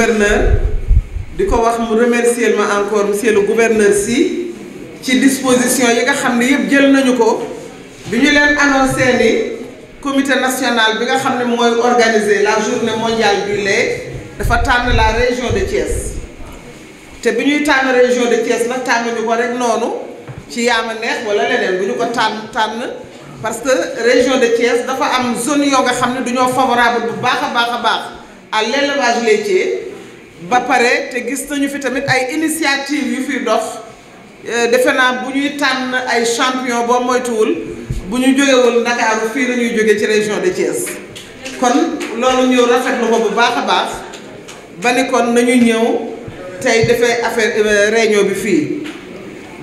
gouverneur di ko wax mu remercier ma encore monsieur le gouverneur si ci disposition yi nga xam ne yëpp jël nañu ko bi ñu leen annoncé ni comité national bi nga xam ne mooy organiser la journée mondiale du lait dafa tànn la région de Thiès te bi ñuy tànn région de Thiès nag tànn ñu ko rek noonu ci yaama neex wala leneen bu ñu ko tànn tànn parce que région de Thiès dafa am zone yoo nga xam ne du ñoo favorable bu baax a baax a baax à l'élevage ba pare te gis nañu fi tamit ay initiative yu fi dox euh, defe naa bu ñuy tànn ay champion boo moytuwul bu ñu jógewul Ndakaaru fii la ñuy jóge ci région de Thiès kon loolu ñëw rafetlu ko bu baax a baax ba nañu ñëw tey defee affaire euh, région bi fii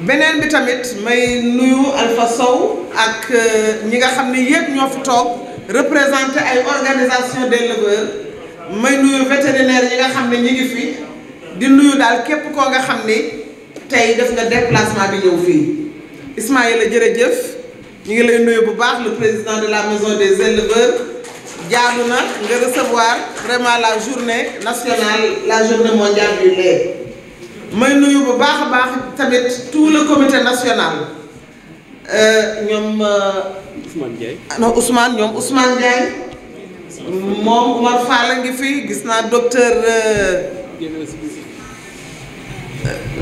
beneen bi tamit may nuyu Alpha Sow ak euh, ñi nga xam ne yëpp ñoo fi toog représenté ay organisation d'éleveurs may nuyu vétérinaire yi nga xam ne ñu ngi fi di nuyu daal képp koo nga xam ni tey def nga déplacement bi ñëw fii Ismaïla jëf ñu ngi lay nuyu bu baax le président de la maison des éleveurs jaadu na nga recevoir vraiment la journée nationale la journée mondiale du lait may nuyu bu baax a baax tamit tout le comité national euh, euh, ah ñoom. Ousmane Ndiaye non Ousmane ñoom moom Oumar Fall a ngi fi gis naa docteur euh, euh,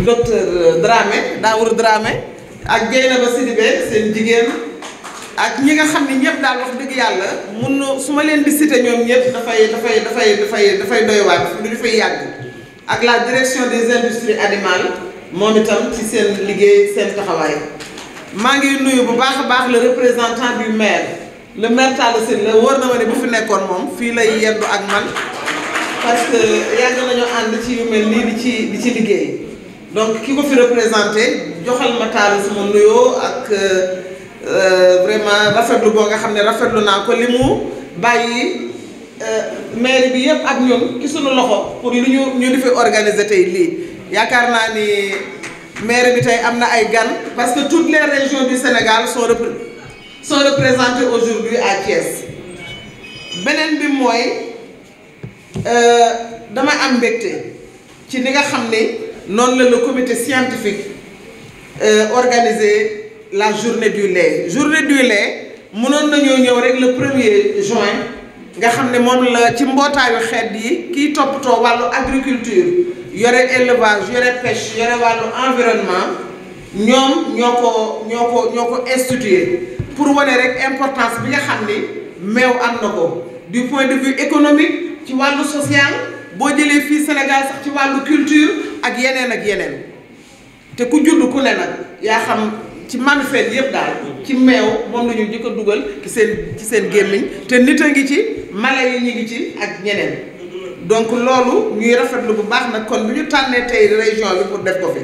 docteur euh, Dramé Daour Dramé ak Dieynaba Sidibé seen jigéen ak ñi nga xam ni ñëpp daal wax dëgg yàlla mun na su ma leen di citer ñoom ñëpp dafay dafay dafay dafay dafay doy waar du ñu fay yàgg ak la direction des industries animales moom itam ci seen liggéey seen taxawaay maa ngi nuyu bu baax a baax le représentant du maire le maire Talla Sylla la wóor na ma ne bu fi nekkoon moom fii lay yendu ak man parce que yàgg nañoo ànd ci yu mel nii li ci li ci liggéey donc ki ko fi représenté joxal ma Talla sama nuyoo ak euh, vraiment rafetlu boo nga xam ne rafetlu naa ko li mu bàyyi euh, maire bi yëpp ak ñun ci suñu loxo pour lu ñu ñu di fi organiser tey lii yaakaar naa ni maire bi tey am na ay gan parce que toutes les régions Sénégal soo représentées sont représentés aujourd'hui à Thiès beneen bi mooy euh, dama am mbégte ci li nga xam ne noonu la le comité scientifique euh, organisé la journée du lait journée du lait mënoon nañoo ñëw rek le premier juin nga xam ne moom la ci mbootaayu xeet yi kiy toppatoo wàllu agriculture yore élevage yore pêche yore wàllu environnement ñoom ñoo ko ñoo ko ñoo ko institué pour wane rek importance bi nga xam ni meew am na ko du point de vue économique ci wàllu social boo jëlee fii Sénégal sax ci wàllu culture ak yeneen ak yeneen te ku judd ku ne nag yaa xam ci manifeste yëpp daal ci meew moom la ñu ko dugal ci seen ci seen gémmiñ te nit a ngi ci mala yi ñu ngi ci ak ñeneen donc loolu ñuy rafetlu bu baax nag kon lu ñu tànnee tey région bi pour def ko fi.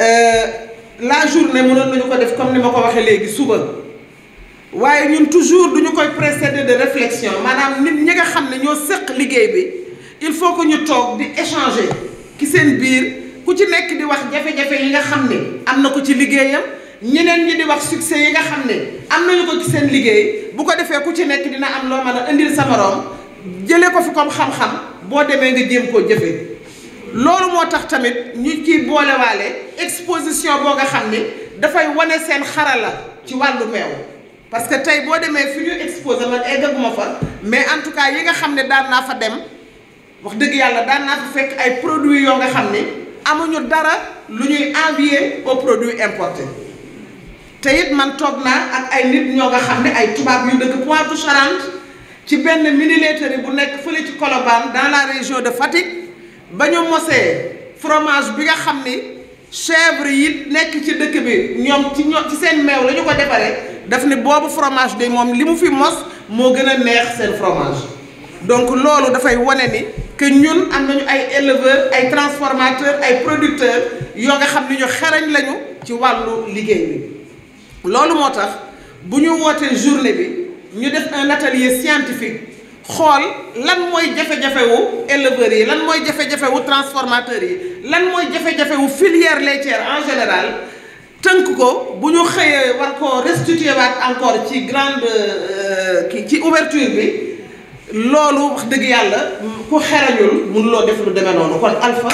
Euh, la journée mënoon nañu ko def comme ni ma ko waxee léegi suba waaye ñun toujours du ñu koy précéder de réflexion maanaam nit ñi nga xam ne ñoo sëq liggéey bi il faut que ñu toog di échanger ki seen biir ku ci nekk di wax jafe-jafe yi nga xam ni am na ko ci liggéeyam ñeneen ñi di wax succès yi nga xam ne am nañu ko ci seen liggéey bu ko defee ku ci nekk dina am loo mën a indil sa moroom jëlee ko fi comme xam-xam boo demee nga jéem koo jëfee. loolu moo tax tamit ñu ciy boolewaale exposition boo nga xam ni dafay wane seen xarala ci wàllu meew parce que tey boo demee fi ñu exposé man eggaguma fa mais en tout cas yi nga xam ne daan naa fa dem wax dëgg yàlla daan naa fa fekk ay produits yoo nga xam ni amuñu dara lu ñuy envier aux produits importés te it man toog naa ak ay nit ñoo nga xam ne ay tubaab yu dëkk Poitou Charentes ci benn mini laiterie bu nekk fële ci Colobane dans la région de Fatick. ba ñu mosee fromage bi nga xam ni chèvre yi nekk ci dëkk bi ñoom ci ñoom ci seen meew la ñu ko defaree daf ne boobu fromage de moom li mu fi mos moo gën a neex seen fromage donc loolu dafay wane ni que ñun am nañu ay éleveurs ay transformateurs ay producteurs yoo nga xam ni ñu xarañ lañu ci wàllu liggéey bi loolu moo tax bu ñu wootee journée bi ñu def un atelier scientifique xool lan mooy jafe-jafe wu éleveurs yi lan mooy jafe-jafe wu transformateurs yi lan mooy jafe-jafe wu filière laitière en général tënk ko bu ñu xëyee war koo restituer waat encore ci grande euh, kii ci ouverture bi loolu dëgg yàlla ku xerañul mënuloo def lu demee noonu kon Alpha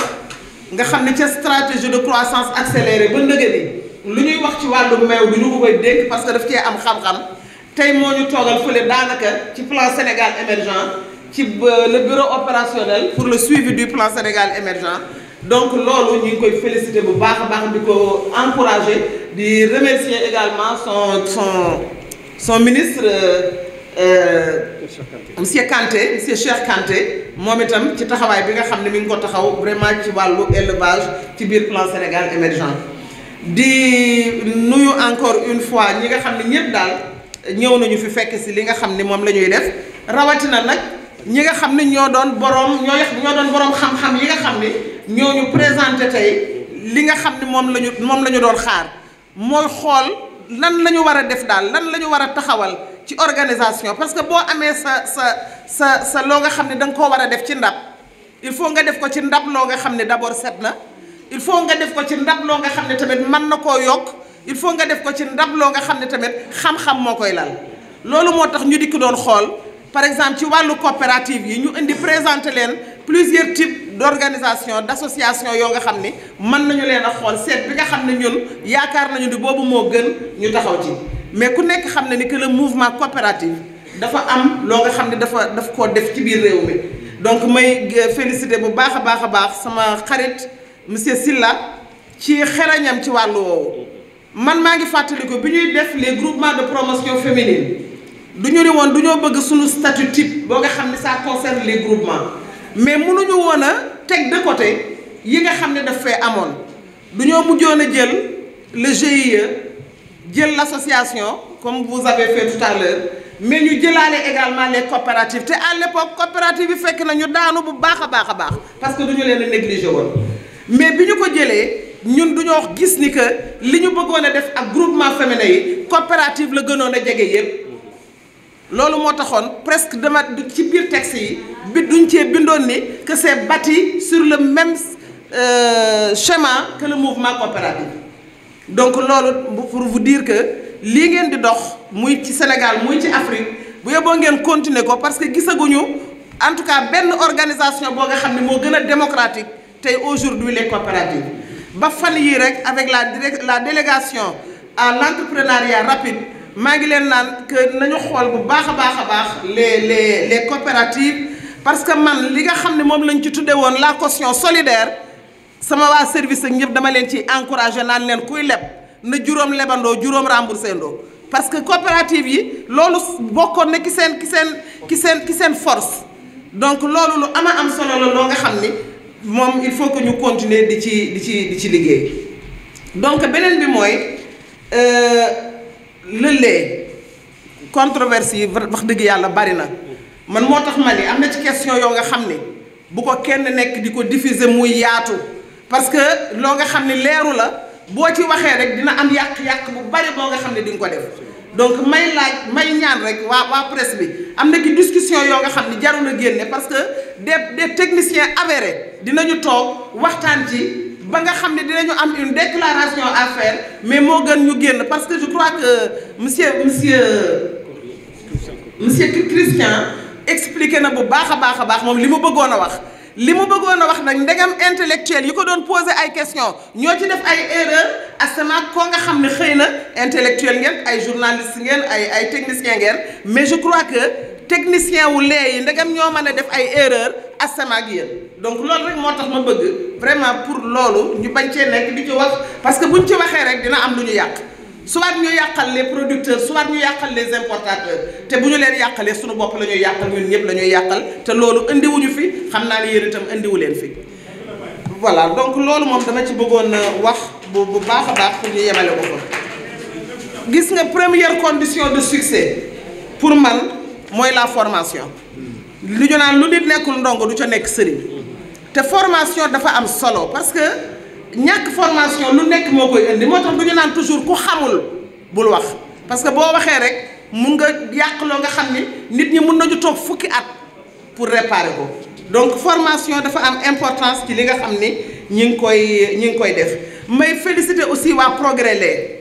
nga xam ne ca stratégie de croissance accélérée ba ndëgë ni lu ñuy wax ci wàllu meew bi ñu ko koy dénk parce que daf cee am xam-xam tey moo ñu toogal fële daanaka ci plan Sénégal émergent ci euh, le bureau opérationnel pour le suivi du plan Sénégal émergent donc loolu ñu ngi koy féliciter bu baax a baax di ko encourager di remercier également son son son ministre euh, euh, monsieur Kanté monsieur Cheikh Kanté moom itam ci taxawaay bi nga xam ne mi ngi ko taxaw vraiment ci wàllu élevage ci biir plan Sénégal émergent di nuyu encore une fois ñi nga xam ne ñëpp daal. ñëw nañu fi fekk si li nga xam ni moom la ñuy def rawatina nag ñi nga xam ni ñoo doon boroom ñoo ñoo doon boroom xam-xam yi nga xam ni ñoo ñu présenté tey li nga xam ni moom la ñu moom la ñu doon xaar mooy xool lan la ñu war a def daal lan la ñu war a taxawal ci organisation parce que boo amee sa sa sa sa loo nga xam ne da nga koo war a def ci ndab il faut nga def ko ci ndab loo nga xam ne d'abord set na il faut nga def ko ci ndab loo nga xam ne tamit mën na koo yokk il faut nga def ko ci ndab loo nga xam ne tamit xam-xam moo koy lal loolu moo tax ñu dikk doon xool par exemple ci wàllu coopérative yi ñu indi présenté leen plusieurs types d'organisation d'association yoo nga xam ni mën nañu leen a xool seet bi nga xam ne ñun yaakaar nañu ni boobu moo gën ñu taxaw ci mais ku nekk xam ne ni que le mouvement coopératif dafa am loo nga xam ne dafa daf koo def ci biir réew mi donc may félicité bu baax a baax a baax sama xarit monsieur Silla ci xerañam ci wàllu woowu man maa ngi fàttaliku bi ñuy def les groupement de promotion féminine du ñu ne woon du ñoo bëgg suñu statut type boo nga xam ne ça concerne les groupements mais munuñu woon a teg de côté yi nga xam ne daf fee amoon du ñoo mujjoon a jël le GIE jël l'association comme vous avez fait tout à l'heure mais ñu jëlaale également les coopératives te à l'époque coopérative yi fekk na ñu daanu bu baax a baax a baax parce que du ñu leen a woon mais bi ñu ko jëlee. ñun duñoo ñoo gis ni que li ñu bëggoon a def ak groupement féminin yi coopérative la gënoon a jege yëpp loolu moo taxoon presque dama ci biir texte yi bi duñ cee bindoon ni que c'est bâti sur le même euh, chemin que le mouvement coopératif donc loolu bu pour bu diir que lii ngeen di dox muy ci Sénégal muy ci Afrique bu yeboo ngeen continuer ko parce que gisaguñu en tout cas benn organisation boo nga xam ne moo gën a démocratique tey aujourd'hui les coopératives ba fan yii rek avec la direct la délégation à l'entrepreneuriat rapide maa ngi leen naan que nañu xool bu baax a baax a baax le les les coopératives parce que man li nga xam ne moom lañ ci tudde woon la caution solidaire sama waa service ak ñëpp dama leen ci encouragé naan leen kuy leb na juróom lebandoo juróom remboursé ndoo parce que coopérative yi loolu bokkoon na ki seen ki seen ki seen ki seen force donc loolu lu ama am solo la loo nga xam ni moom il faut que ñu continuer di ci di ci di ci liggéey donc beneen bi mooy euh, le lait controverse yi wax dëgg yàlla bari na man moo tax ma ni am na ci question yoo nga xam ni bu ko kenn nekk di ko diffuser muy yaatu parce que loo nga xam ni leeru la boo ci waxee rek dina am yàq-yàq bu bari loo nga xam ne di nga ko def donc may laaj may ñaan rek waa waa presse bi am na ki discussion yoo nga xam ni jarul a génne parce que des des techniciens avérés dinañu toog waxtaan ci ba nga xam ne dinañu am une déclaration à mais moo gën ñu génn parce que je crois que monsieur monsieur monsieur Christian expliqué na bu baax a baax a baax moom li mu bëggoon a wax li mu bëggoon a wax nag ndegam intellectuel yi ko doon poser ay question ñoo ci def ay erreur asamaak koo nga xam ne xëy na intellectuel ngeen ay journaliste ngeen ay ay technicien ngeen mais je crois que technicien wu lee yi ndegam ñoo mën a def ay erreur asamaak yéen donc loolu rek moo tax ma bëgg vraiment pour loolu ñu bañ cee nekk di ci wax parce que buñ ci waxee rek dina am lu ñu yàq soit ñu yàqal les producteurs soit ñu yàqal les importateurs te bu ñu leen yàqalee suñu bopp lañuy ñuy yàqal ñun ñëpp la ñuy yàqal te loolu indiwuñu fi xam naa ne yéen itam indiwu leen fi voilà donc loolu moom dama ci bëggoon euh, wax bu bu baax a ñu yemale ko fa gis nga première condition de succès pour man mooy la formation lu ñu naan lu nit nekkul ndongo du ca nekk sëriñ te formation dafa am solo parce que ñàkk formation lu nekk moo koy indi moo tax du ñu naan toujours ku xamul bul wax parce que boo waxee rek mun nga yàq loo nga xam ni nit ñi mun nañu toog fukki at pour réparer ko donc formation dafa am importance ci li nga xam ni ñi ngi koy ñi ngi koy def may féliciter aussi waa Progrès les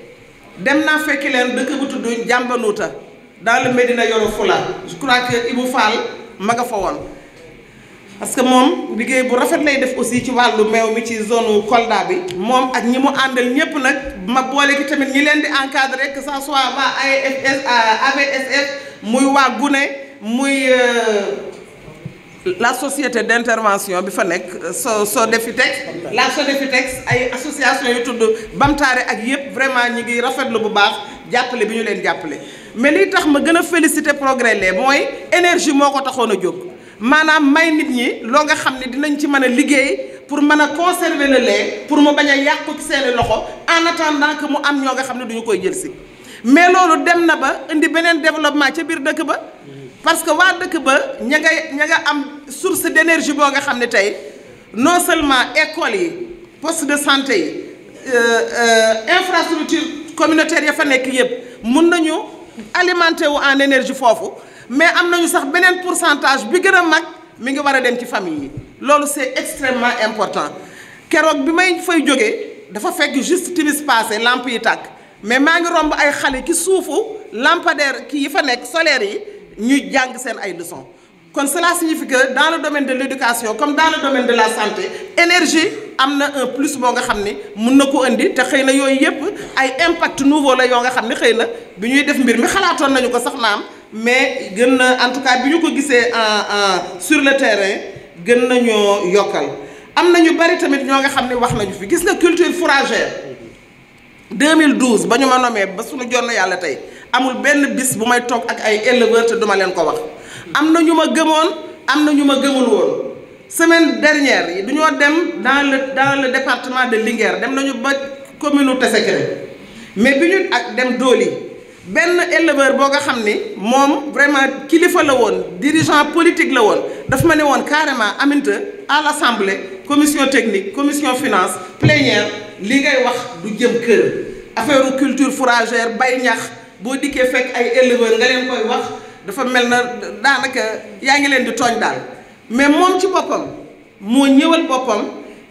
dem naa fekki leen dëkk bu tudd Njambanuuta dans le Médina Yoro Fula je crois que Ibou Fall ma nga fa woon parce que moom liggéey bu rafet lay def aussi ci wàllu meew mi ci zone Kolda bi moom ak ñi mu àndal ñépp nag ma boole ki tamit ñi leen di encadrer que ça soit waa AFS AVSF muy waa Gune muy euh, la société d'intervention bi fa nekk so Sodefitex la Sodefitex ay association yu tudd Bamtaare ak yépp vraiment ñi ngi rafetlu bu baax jàppale bi ñu leen jàppale mais liy tax ma gën a féliciter Progrès mooy énergie moo ko taxoon a jóg maanaam may nit ñi loo nga xam ne dinañ ci mën a liggéey pour mën a conserver le lait pour mu bañ a yàqu ci seeni loxo en attendant que mu am ñoo nga xam ne duñu koy jël si mais loolu dem na ba indi beneen développement ca biir dëkk ba parce que waa dëkk ba ña nga ña nga am source d'énergie boo nga xam ne tey non seulement école yi poste de santé yi euh, euh, infrastructure communautaire ya fa nekk yëpp mun nañu alimenter wu en énergie foofu mais am nañu sax beneen pourcentage bi gën a mag mi ngi war a dem ci famille yi loolu c'est extrêmement important keroog bi may fay jógee dafa fekk juste timis passé lamp yi tàkk mais maa ngi romb ay xale ci suufu lampadaire kii yi fa nekk solaire yi ñuy jàng seen ay leçons kon cela signifie que dans le domaine de l'éducation comme dans le domaine de la santé énergie am na un plus boo nga xam ne mun na ko indi te xëy na yooyu yëpp ay impact nouveau yoo nga xam ni xëy na bi ñuy def mbir mi xalaatoon nañu ko sax naam mais gën na en tout cas bi ñu ko gisee en sur le terrain gën nañoo yokkal am na ñu bari tamit ñoo nga xam ne wax nañu fi gis nga culture fourragère 2012 ba ñu ma nommé ba suñu jonn yàlla tey amul benn bis bu may toog ak ay éleveurs te duma leen ko wax am na ñu ma gëmoon am na ñu ma gëmul woon semaine dernière yi duñoo dem dans le dans le département de Linguère dem nañu ba commune Tessékéré mais bi ñu ak dem Doli benn éleveur boo nga xam ni moom vraiment kilifa la woon dirigeant politique la woon dafa ma ne woon carrément Aminta à l'assemblée commission technique commission finance plénière li ngay wax du jëm kër affaire culture fourragère bay ñax boo dikkee fekk ay éleveur nga leen koy wax dafa mel na daanaka yaa ngi leen di tooñ daal mais moom ci boppam moo ñëwal boppam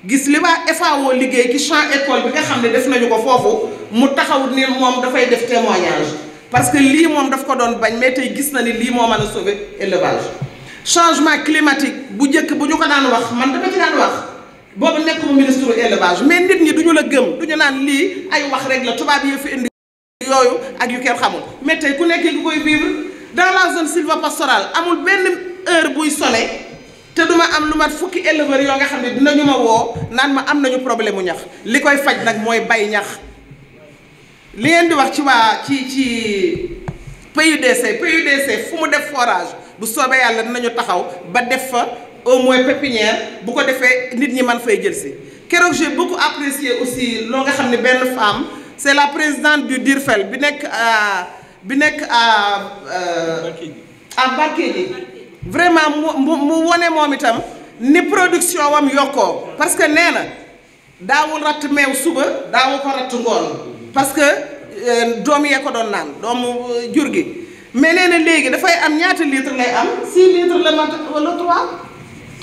gis li waa FAO liggéey ci champ école bi nga xam ne def nañu ko foofu mu taxaw ni moom dafay def témoignage parce que lii moom daf ko doon bañ mais tey gis na ni lii moo mën a sauver élevage changement climatique bu njëkk bu ñu ko daan wax man dama ci daan wax boobu nekkuma ministre élevage mais nit ñi duñu la gëm duñu naan lii ay wax rek la tubaab yi fi indi yooyu ak yu kenn xamul mais ku nekk ngi koy vivre dans la zone sylvopastorale amul benn heure buy sole te duma am lu mat fukki éleveurs yoo nga xam ne dinañu ma woo naan ma am nañu problème mu ñax li koy faj nag mooy bay ñax li ngeen di wax ci waa ci ci PUDC PUDC fu mu def forage bu soobee yàlla dinañu taxaw ba def fa au moins pépinière bu ko defee nit ñi man fay jël si keroog j'ai beaucoup apprécié aussi loo nga xam ne benn femme c'est la présidente du DIRFEL bi nekk bi nekk à à euh, vraiment mu mu wone moom itam ni production wam yokkoo parce que nee na daawul ratt meew suba daawu ko ratt ngoon parce que euh, doom yee ko doon naan doom euh, jur gi mais nee na léegi dafay am ñaata litre lay am 6 litres le matin wala 3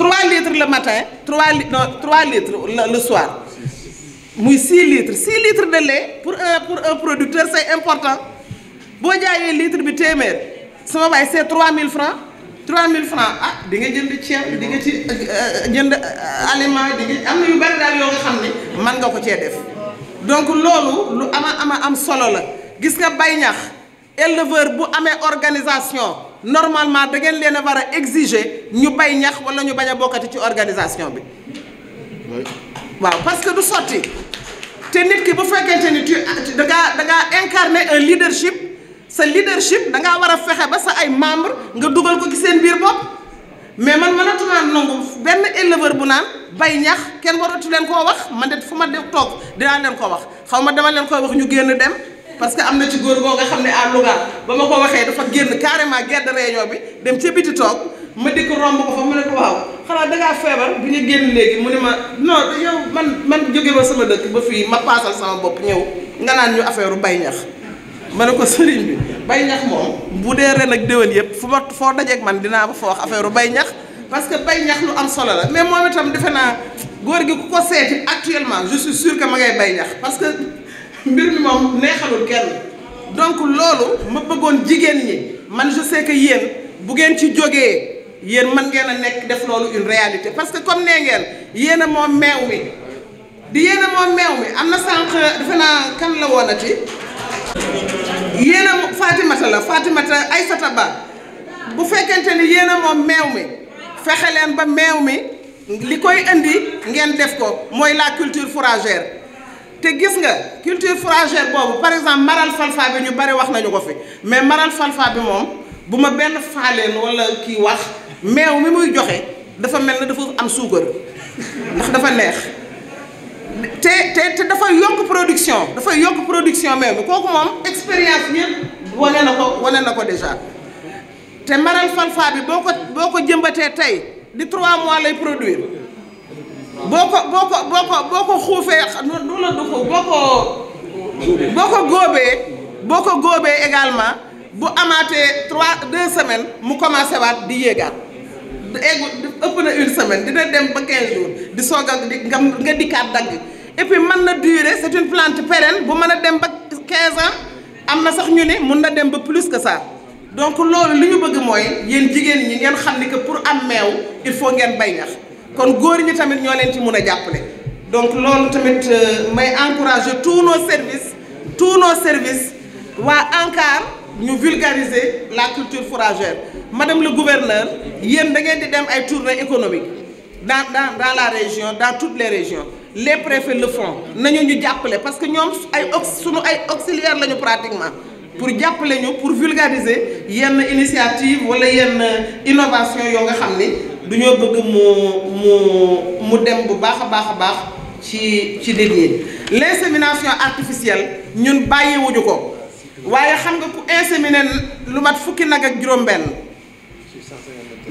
3 litre le matin 3 li non 3 litres le soir muy 6 litres 6 litres de lait pour un pour un producteur c'est important boo jaayee litre bi téeméer sama baay c'est 3000 francs mille francs ah di nga jënd ceeb di nga ci euh, jënd aliment di am na yu bari daal yoo nga xam ne mën nga ko cee def. donc loolu lu ama ama am solo la gis nga bay ñax éleveur bu amee organisation normalement da ngeen leen a war a exiger ñu bay ñax wala ñu bañ a bokkati ci organisation bi waaw parce que du sotti te nit ki bu fekkente ni tu da ngaa da ngaa incarner un leadership sa leadership da ngaa war a fexe ba sa ay membre nga dugal ko ci seen biir bopp mais man mënatumaa nangu benn éleveur bu naan bay ñax kenn waratu leen koo wax man de fu ma def toog dinaa leen ko wax xaw ma dama leen koy wax ñu génn dem parce que am na ci góor goo nga xam ne à Louga ba ma ko waxee dafa génn carrément gedd réunion bi dem ca biti toog ma dikk romb ko fa mu ne ko waaw xanaa dangaa feebar bi ñu génn léegi mu ne ma non yow man man jóge ba sama dëkk ba fii ma paasal sama bopp ñëw nga naan ñu affaire bay ñax ma ne ko sëriñ bi bay ñax moom bu dee ren ak déwén yëpp fu ma foo dajeeg man dinaa ba fa wax affaire bay ñax parce que bay ñax lu am solo la mais moom itam defe naa góor gi ku ko seeti actuellement je suis sûr ma ngay bay ñax parce que mbir mi moom neexalul kenn donc loolu ma bëggoon jigéen ñi man je sais que yéen bu ngeen ci jógee yéen mën ngeen a nekk def loolu une réalité parce que comme nee ngeen yéen a moom meew mi di yéen a moom meew mi am na sànq defe naa kan la woonati yéen a Fatimata la Fatimata ay Ba bu fekkente ni yéen a moom meew mi fexe leen ba meew mi li koy indi ngeen def ko mooy la culture fourragère te gis nga culture fourragère boobu par exemple maral falfa bi ñu bari wax nañu ko fi mais maral falfa bi moom bu ma benn faaleen walla kii wax meew mi muy joxe dafa mel ne dafa am suukar ndax dafa neex te te te dafa yokk production dafa yokk production meew mi kooku moom expérience ñëpp wane na ko wane na ko déjà te maral falfa bi boo ko boo ko jëmbatee tey di trois mois lay produire boo ko boo ko boo ko boo ko xuufee nu la du xuuf boo ko boo góobee boo ko góobee également bu amaatee trois deux semaines mu commencé waat di yéegaat eggu ëpp na une semaine dina dem ba quinze jours di soog a di nga nga dikkaat dagg et puis mën na durer c'est une plante pérenne bu mën a dem ba quinze ans am na sax ñu ne mun na dem ba plus que ça donc loolu li ñu bëgg mooy yéen jigéen ñi ngeen xam ni que pour am meew il faut ngeen bay ñax kon góor ñi tamit ñoo leen ci mun a jàppale. donc loolu tamit euh, may encourager tous nos services tous nos services waa ANCAR ñu vulgariser la culture fourragère madame le gouverneur yéen da ngeen di dem ay tournée économique. dans dans dans la région dans toutes les régions les préfets le font nañu ñu jàppale parce que ñoom ay ox suñu ay auxiliaires lañu pratiquement pour jàppale ñu pour vulgariser yenn initiative wala yenn innovation yoo nga xam ni duñoo bëgg mu mu mu dem bu baax a baax a baax ci ci nit ñi l'insémination artificielle ñun bàyyiwuñu ko waaye xam nga ku inséminer lu mat fukki nag ak juróom-benn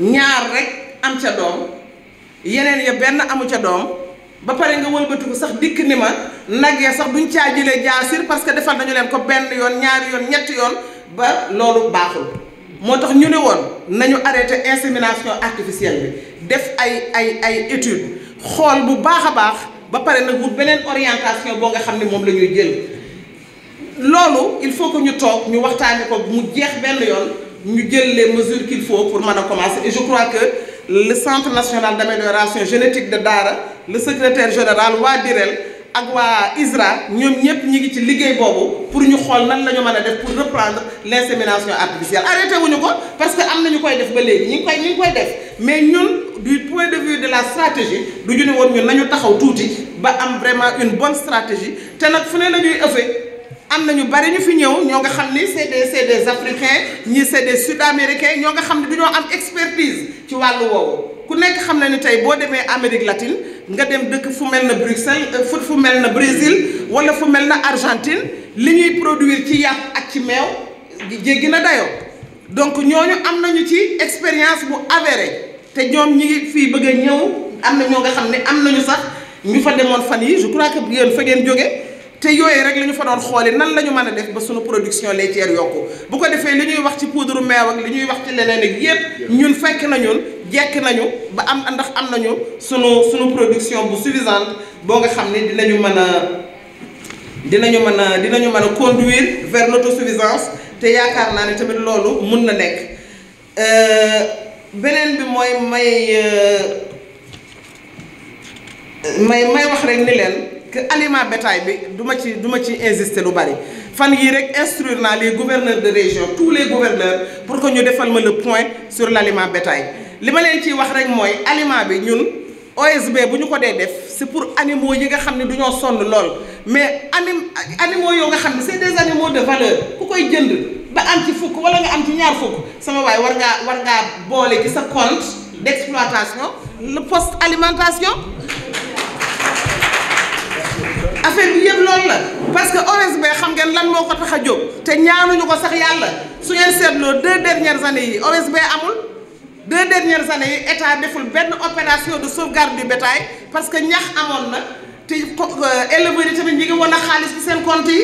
ñaar rek am ca doom yeneen ya benn amu ca doom ba pare nga wëlbatiku sax dikk ni ma nag nagee sax bu duñ caa jëlee jaasir parce que defal nañu leen ko benn yoon ñaari yoon ñett yoon ba loolu baaxul moo tax ñu ne woon nañu arrêté insémination artificielle bi def ay ay ay étude xool bu baax a baax ba pare nag wut beneen orientation boo nga xam ne moom la ñuy jël loolu il faut que ñu toog ñu waxtaane ko mu jeex benn yoon ñu jël les mesures qu'il faut pour mën a commencer et je crois que le centre national d'amélioration génétique de Daara le secrétaire général waa Direl ak waa ISRA ñoom ñëpp ñi ngi ci liggéey boobu pour ñu xool nan la ñu mën a def pour reprendre l'insémination artificielle arrêté wuñu ko parce que am na ñu koy def ba léegi ñi ngi koy ñi ngi def mais ñun du point de vue de la stratégie du ñu ne woon ñun nañu taxaw tuuti ba am vraiment une bonne stratégie te nag fu ne la ñuy ëffee am na ñu bari ñu fi ñëw ñoo nga xam ni c'est des c'est des africains ñii c'est des sud-américains ñoo nga xam ne dañoo am expertise ci wàllu woowu. ku nekk xam na ni tey boo demee Amérique latine nga dem dëkk fu mel na Bruxelles euh, fu fu mel na Brésil wala fu mel na Argentine li ñuy produire ci yàpp ak ci meew jéggi na dayoo donc ñooñu am na ñu ci expérience bu avérée te ñoom ñi ngi fii bëgg a ñëw am na ñoo nga xam ne am na ñu sax ñu fa demoon fan yi je crois que yéen fa ngeen te yooyu rek la ñu fa doon xooli nan la ñu mën a def ba suñu production laitière yokku bu ko defee li ñuy wax ci poudre meew ak li ñuy wax ci leneen yépp ñun fekk na ñun jekk nañu ba am ndax am nañu suñu suñu production bu suffisante boo nga xam ne dinañu mën a dinañu mën a dinañu mën a conduire vers suffisance te yaakaar naa ne tamit loolu mun na nekk euh, beneen bi mooy may euh, may may wax rek ni leen que aliment bétail bi du ma ci duma ci insister lu bari fan yii rek instruire naa les gouverneurs de région tous les gouverneurs pour que ñu defal ma le point sur l' aliment bétail li ma leen ciy wax rek mooy aliment bi ñun OSB bu ñu ko dee def c' est pour animaux yi nga xam ne du ñoo sonn lool mais anim animaux yoo nga xam ne c' est des animaux de valeur ku koy jënd ba am ci fukk wala nga am ci ñaar fukk sama waay war ngaa war ngaa boole ci sa compte d' exploitation le poste alimentation affaire bi yëpp lool la parce que OSB xam ngeen lan moo ko tax a jóg te ñu ko sax yàlla su ngeen seetloo de dernières années yi OSB amul deux dernières années yi état deful benn opération de sauvegarde bi bétail parce que ñax amoon na te euh, éleveurs yi tamit ñi ngi woon a xaalis bi seen compte yi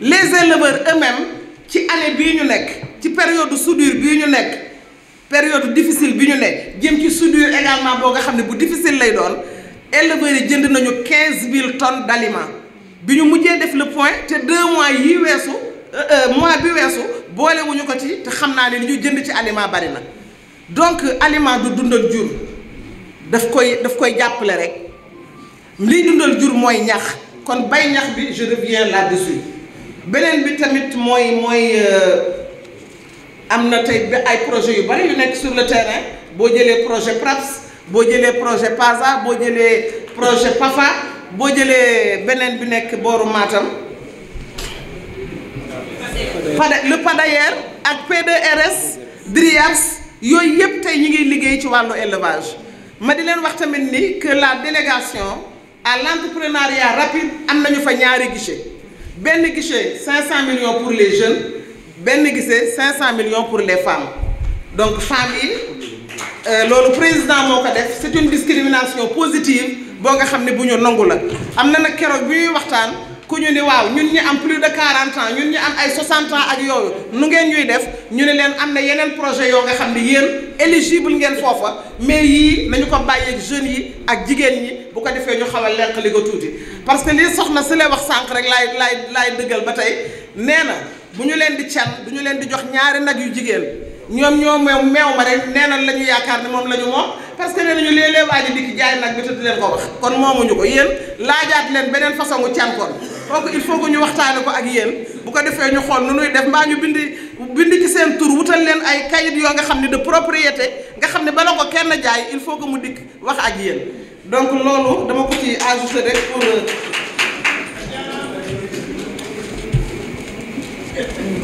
les éleveurs eux-mêmes ci année bi ñu nekk ci période soudure bii ñu nekk période difficile bi ñu nekk jëm ci soudure également boo nga xam ne bu difficile lay doon éleveurs yi jënd nañu quinze mille tonnes d' aliment bi ñu mujjee def le point te deux mois yi weesu euh, euh, mois bi weesu boole wuñu ko ci te xam naa ne li ñu jënd ci aliment bari na donc aliment du dundal jur daf koy daf koy jàppale rek liy dundal jur mooy ñax kon bay ñax bi je reviens là-dessus beneen bi tamit mooy mooy euh, am na tey ay projet yu bari yu nekk sur le terrain boo jëlee projet PRAPS boo jëlee projet PASA boo jëlee projet PAFA boo jëlee beneen bi nekk booru Matam PADA le PADAER ak P2RS DRIAS yooyu yëpp tey ñi ngi liggéey ci wàllu élevage ma di leen wax tamit ni que la délégation à l'entrepreneuriat rapide am nañu fa ñaari guichet benn guichet 500 millions pour les jeunes benn guichet 500 millions pour les femmes donc femmes Euh, loolu président moo ko def c'est une discrimination positive boo nga xam ne bu ñu nangu la am na nag keroog bu ñu waxtaan ku ñu ni waaw ñun ñu am plus de 40 ans ñun ñi am ay 60 ans ak yooyu nu ngeen ñuy def ñu ne leen am na yeneen projet yoo nga xam ni yéen éligible ngeen foofa mais yii nañu ko bàyyeeg jeunes yi ak jigéen ñi bu ko defee ñu xawal lenq li ko tuuti parce que lii soxna si lay wax sànq rek laay laay laay dëggal ba tey nee na bu ñu leen di can du ñu leen di jox ñaari nag yu jigéen ñoom ñoo meew meew ma rek nee na la ñu yaakaar ne moom la ñu moom parce que ne nañu léeg-léeg waa ji dikk jaay nag bi tëdd leen ko wax kon moomuñu ko yéen laajaat leen beneen façon gu oo kooku il faut que ñu waxtaane ko ak yéen bu ko defee ñu xool nu nuy def mbaa ñu bind bind ci seen tur wutal leen ay kayit yoo nga xam ne de propriété nga xam ne bala ko kenn jaay il faut que mu dikk wax ak yéen donc loolu dama ko ci ajouté rek pour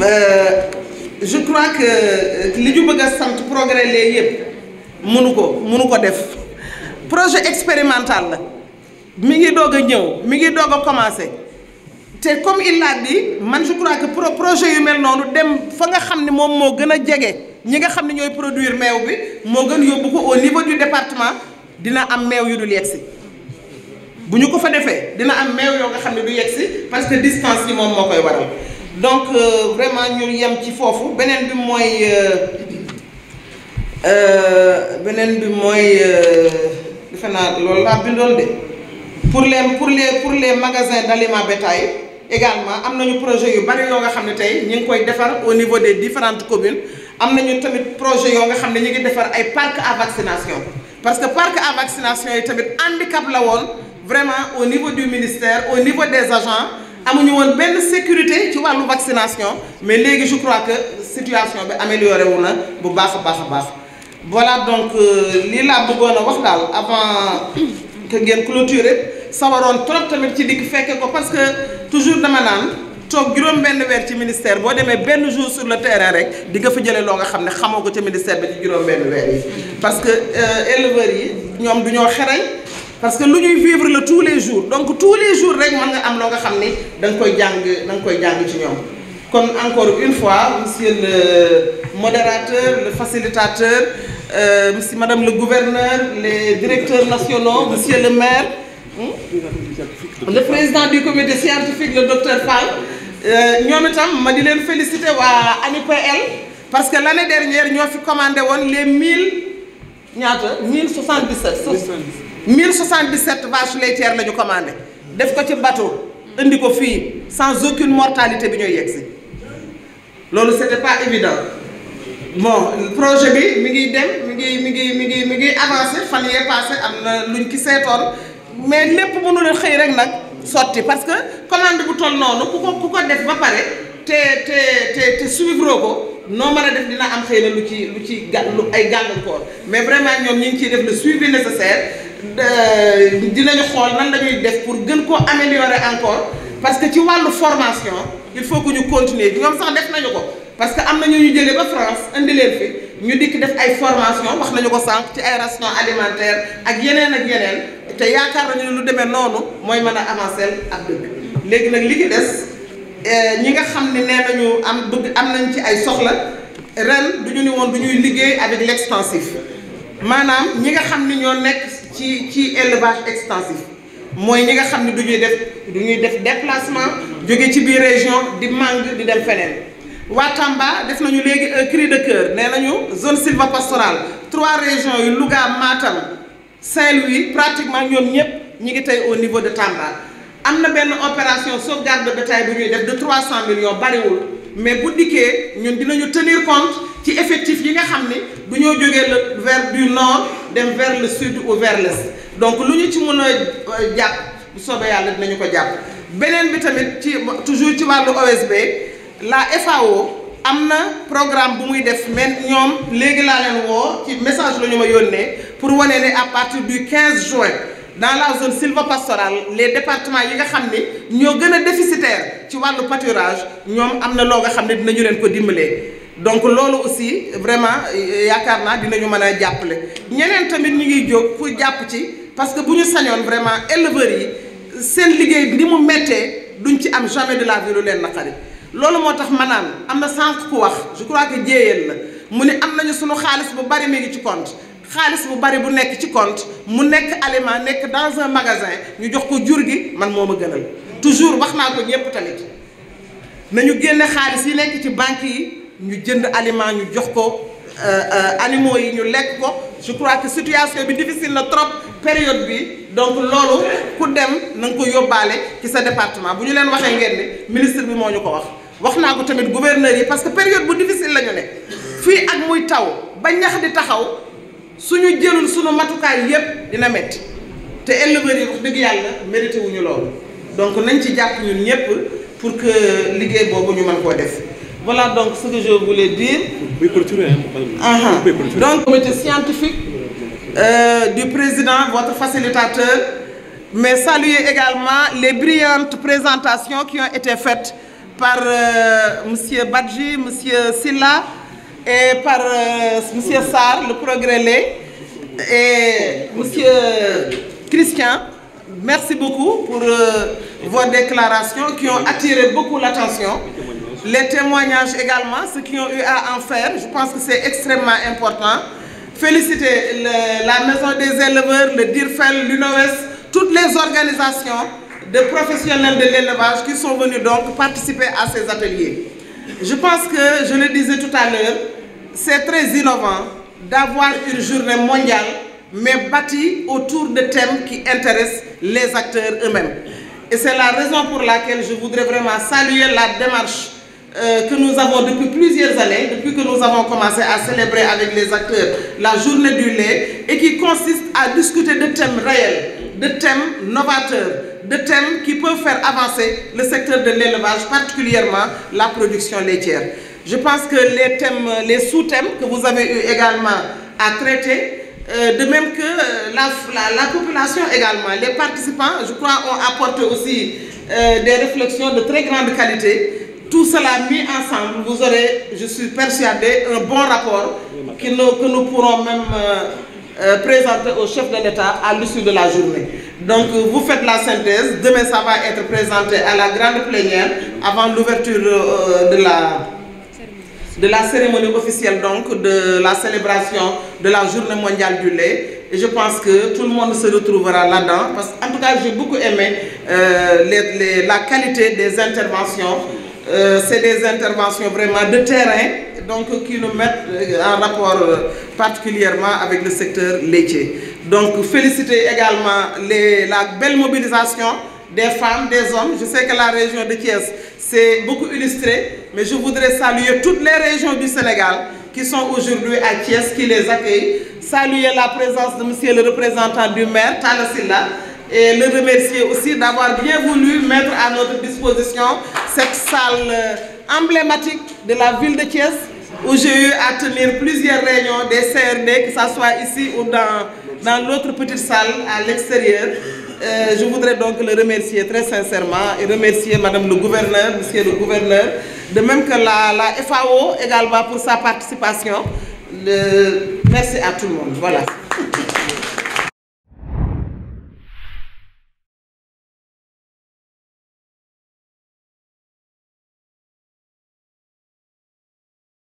euh je crois que euh, li ñu bëgg a sant progrès lee yëpp mënu ko mënu ko def projet expérimental la mi ngi doog a ñëw mi ngi doog a commencé te comme il l'a man je crois que pro projet yu mel noonu dem fa nga xam ne moom moo gën a jege ñi nga xam ne ñooy produire meew bi moo gën yóbbu ko au niveau du département dina am meew yu dul yegsi bu ñu ko fa defee dina am meew yoo nga xam ne du yegsi parce que distance yi moom moo koy waral. donc euh, vraiment ñu yem ci foofu beneen bi mooy euh, euh, beneen bi mooy defe naa loolu laa bindoon de pour les pour les pour les magasins d'aliments bétail également am nañu projet yu bari yoo nga xam ne tey ñu ngi koy defar au niveau des différentes communes am nañu tamit projet yoo nga xam ne ñu ngi defar ay parc à vaccination parce que parc à vaccination yi tamit handicap la woon vraiment au niveau du ministère au niveau des agents amuñu woon benn sécurité ci wàllu vaccination mais léegi je crois que situation bi amélioré wu na bu baax a baax a baax voilà donc euh, lii laa bëggoon a wax daal avant que ngeen clôturer sawaroon trop tamit ci dikk fekkee ko parce que toujours dama naan toog juróom benn weer ci ministère boo demee benn jour sur le terrain rek di nga fa jële loo nga xam ne xamoo ko ca ministère bi ci juróom benn weer yi parce que euh, éleveurs yi ñoom du ñoo xereñ parce que lu ñuy vivre la tous les jours donc tous les jours rek mën nga am loo nga xam ni da koy jàng da koy jàng ci ñoom kon encore une fois monsieur le modérateur le facilitateur euh, monsieur madame le gouverneur les directeurs nationaux monsieur le maire hmm, le président du comité scientifique le docteur Fall euh, ñoom itam ma di leen félicité waa ANIPL parce que l'année dernière ñoo fi commandé woon les mille ñaata mille soixante-dix-sept mille 1077 vaches laitières la ñu commandé def ko ci bateau indi ko fii sans aucune mortalité bi ñooy si loolu c'était pas évident bon projet bi mi ngi dem mu ngi mi ngi mi ngi mi ngi avancé fan yee passé am na luñ ki seetoon mais lépp mënu leen xëy rek nag sotti parce que commande bu toll noonu ku ko ku ko def ba pare te te te te suivre ko. noo mën a def dina am xëy na lu ci lu ci ga lu ay gàllankoor mais vraiment ñoom ñu ngi ciy def le suivi nécessaire Euh, dinañu xool nan lañuy def pour gën koo améliorer encore parce que ci wàllu formation il faut que ñu continuer ñoom sax def nañu ko parce que am na ñu ñu jëlee ba France indi leen fi ñu dikk def ay formation wax nañu ko sànq ci ay ration alimentaire ak yeneen ak yeneen te yaakaar nañu lu demee noonu mooy mën a avancer ak dëkk léegi nag li ki des euh, ñi nga xam ne nee nañu am bëgg am nañ ci ay soxla ren du ñu ni woon du ñuy liggéey avec l'extensif maanaam ci ci élevage extensif mooy ñi nga xam ne du ñuy def du ñuy def déplacement jóge ci biir région di màng di del feneen waa Tamba def nañu léegi un cri de cœur nee nañu zone sylvopastorale trois régions yu Louga Matam Saint-Louis pratiquement ñoom ñëpp ñi ngi tey au niveau de Tamba am na benn opération sauvegarde de bétail bu ñuy def de trois cent million bariwul mais bu dikkee ñun dinañu tenir compte ci effectif yi nga xam ni du ñoo jógee la vers du no dem vers le sud ou vers l'est donc lu ñu ci mën a euh, jàpp bu soobee yàlla dinañu ko jàpp beneen bi tamit ci toujours ci wàllu OSB la FAO am na programme bu muy def mais ñoom léegi laa leen woo ci message la ñu ma yónnee pour wane ne à partir du 15 juin dans la zone sylvopastorale les départements yi nga xam ni ñoo gën a déficitaire ci wàllu pâturage ñoom am na loo nga xam ne dinañu leen ko dimbalee. donc loolu aussi vraiment yaakaar naa dinañu mën a jàppale ñeneen tamit ñu ngi jóg pour jàpp ci parce que bu ñu sañoon vraiment éleveurs yi seen liggéey ni mu méttee duñ ci am jamais de la vie lu leen naqari loolu moo tax ma naan am na sànq ku wax je crois que jéeyeen la mu ne am nañu suñu xaalis bu bari mi ngi ci compte xaalis bu bari bu nekk ci compte mu nekk aliment nekk dans un magasin ñu jox ko jur gi man moo ma gënal toujours wax naa ko ñépp tamit nañu génne xaalis yi nekk ci banque yi. ñu jënd aliment ñu jox ko euh, euh, animaux yi ñu lekk ko je crois que situation bi difficile na trop période bi donc loolu ku dem na ko yóbbaale ci sa département bu ñu leen waxee ngeen ni ministre bi moo ñu ko wax wax naa ko tamit gouverneur yi parce que période bu difficile la ñu ne fii ak muy taw ba ñax di taxaw suñu jëlul suñu matukaay yépp dina métti te éleveurs yi wax dëgg yàlla mérité wuñu loolu donc nañ ci jàpp ñun ñépp pour que liggéey boobu ñu mën koo def voilà donc ce que je voulais dire. Uh -huh. donc comité scientifique euh, du président votre facilitateur mais saluer également les brillantes présentations qui ont été faites par euh, monsieur Badji monsieur Silla et par euh, monsieur le progrès et monsieur Christian merci beaucoup pour euh, vos déclarations qui ont attiré beaucoup l'attention les témoignages également, ceux qui ont eu à en faire. Je pense que c'est extrêmement important. Féliciter la Maison des éleveurs, le DIRFEL, l'UNOES, toutes les organisations de professionnels de l'élevage qui sont venus donc participer à ces ateliers. Je pense que, je le disais tout à l'heure, c'est très innovant d'avoir une journée mondiale, mais bâtie autour de thèmes qui intéressent les acteurs eux-mêmes. Et c'est la raison pour laquelle je voudrais vraiment saluer la démarche Euh, que nous avons depuis plusieurs années, depuis que nous avons commencé à célébrer avec les acteurs la journée du lait et qui consiste à discuter de thèmes réels, de thèmes novateurs, de thèmes qui peuvent faire avancer le secteur de l'élevage, particulièrement la production laitière. Je pense que les thèmes, les sous-thèmes que vous avez eu également à traiter, euh, de même que euh, la, la, la, population également, les participants, je crois, ont apporté aussi euh, des réflexions de très grande qualité tout cela mis ensemble, vous aurez, je suis persuadé, un bon rapport que nous, que nous pourrons même euh, euh, présenter au chef de l'État à l'issue de la journée. Donc vous faites la synthèse, demain ça va être présenté à la grande plénière avant l'ouverture euh, de la de la cérémonie officielle donc de la célébration de la journée mondiale du lait et je pense que tout le monde se retrouvera là-dedans parce qu'en tout cas j'ai beaucoup aimé euh, les, les, la qualité des interventions Euh, c'est des interventions vraiment de terrain donc qui nous mettent euh, en rapport euh, particulièrement avec le secteur laitier. Donc féliciter également les, la belle mobilisation des femmes, des hommes. Je sais que la région de Thiès s'est beaucoup illustrée, mais je voudrais saluer toutes les régions du Sénégal qui sont aujourd'hui à Thiès, qui les accueillent. Saluer la présence de monsieur le représentant du maire, Tala Silla, et le remercier aussi d'avoir bien voulu mettre à notre disposition cette salle euh, emblématique de la ville de Thiès où j'ai eu à tenir plusieurs réunions des CRD, que ce soit ici ou dans, dans l'autre petite salle à l'extérieur. Euh, je voudrais donc le remercier très sincèrement et remercier Madame le gouverneur, Monsieur le gouverneur, de même que la, la FAO également pour sa participation. Le... Merci à tout le monde.